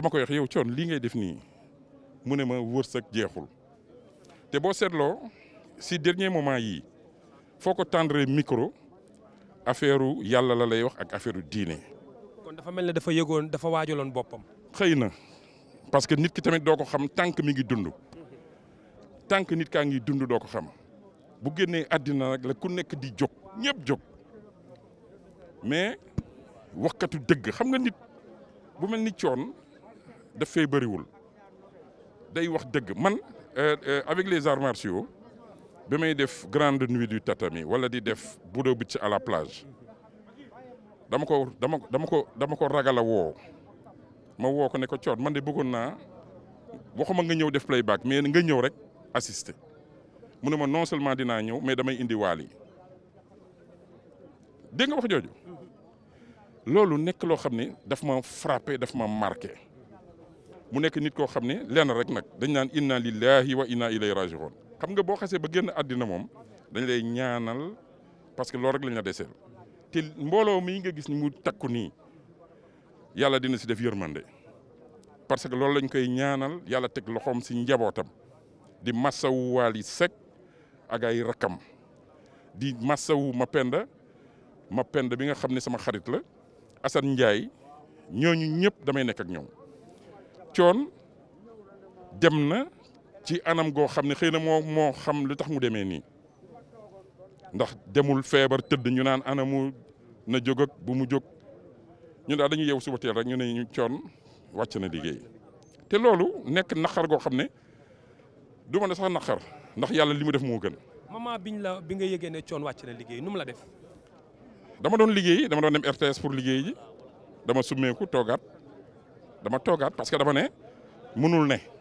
dama koy wax yow coon lii ngay def nii mu ne ma wërsëg jeexul te boo seetloo si dernier moment yi foo ko tendre micro affaire yàlla la lay wax ak affaire diine. kon dafa mel ne dafa yëgoon dafa waajaloon boppam. xëy na parce que nit ki tamit doo ko xam tànk mi ngi dund tànk nit kaa ngi dund doo ko xam bu génnee àddina nag la ku nekk di jóg ñëpp jóg mais waxkatu dëgg xam nga nit bu mel ni coon daf fay bëriwul day wax dëgg man euh, euh, avec les arts martiaux bi may def grande nuit du tatami wala di def budo bi ci à la plage dama ko dama dama ko dama ko ragal a woo ma woo ko ne ko coot man de bëggoon naa waxuma nga ñëw def playback mais nga ñëw rek assister mu ne ma non seulement dinaa ñëw mais damay indi waal yi dégg wax jooju loolu nekk loo xam ne daf ma frappé daf ma marqué mu nekk nit koo xam ne lenn rek nag dañ naan inna lillahi wa inna ilayhi rajiun xam nga boo xasee ba génn àddina moom lay ñaanal parce que loolu rek lañ la deseel te mbooloo mii nga gis ni mu takku nii yàlla dina si def yërmande parce que loolu lañ koy ñaanal yàlla teg loxoom si njabootam di massawu Waly Seck ak ay rakkam di massawu Mapenda Mapenda bi nga xam ne sama xarit la Assane Ndiaye ñooñu ñëpp damay nekk ak ñoom. coon dem na ci anam goo xam ne xëy na moo moo xam lu tax mu demee nii ndax demul feebar tëdd ñu naan anamu na jóg bu mu jóg ñun daal dañu yeewu suba teel rek ñu ne ñu coon wàcc na liggéey te loolu nekk naqar goo xam ne du ma ne sax naqar ndax yàlla li mu def moo gën. moment biñ la bi nga yegee ne coon wàcc na liggéey nu mu la def. dama doon liggéey dama doon dem RTS pour liggéey ji dama summeeku toogaat. dama toogaat parce que dama ne mënul ne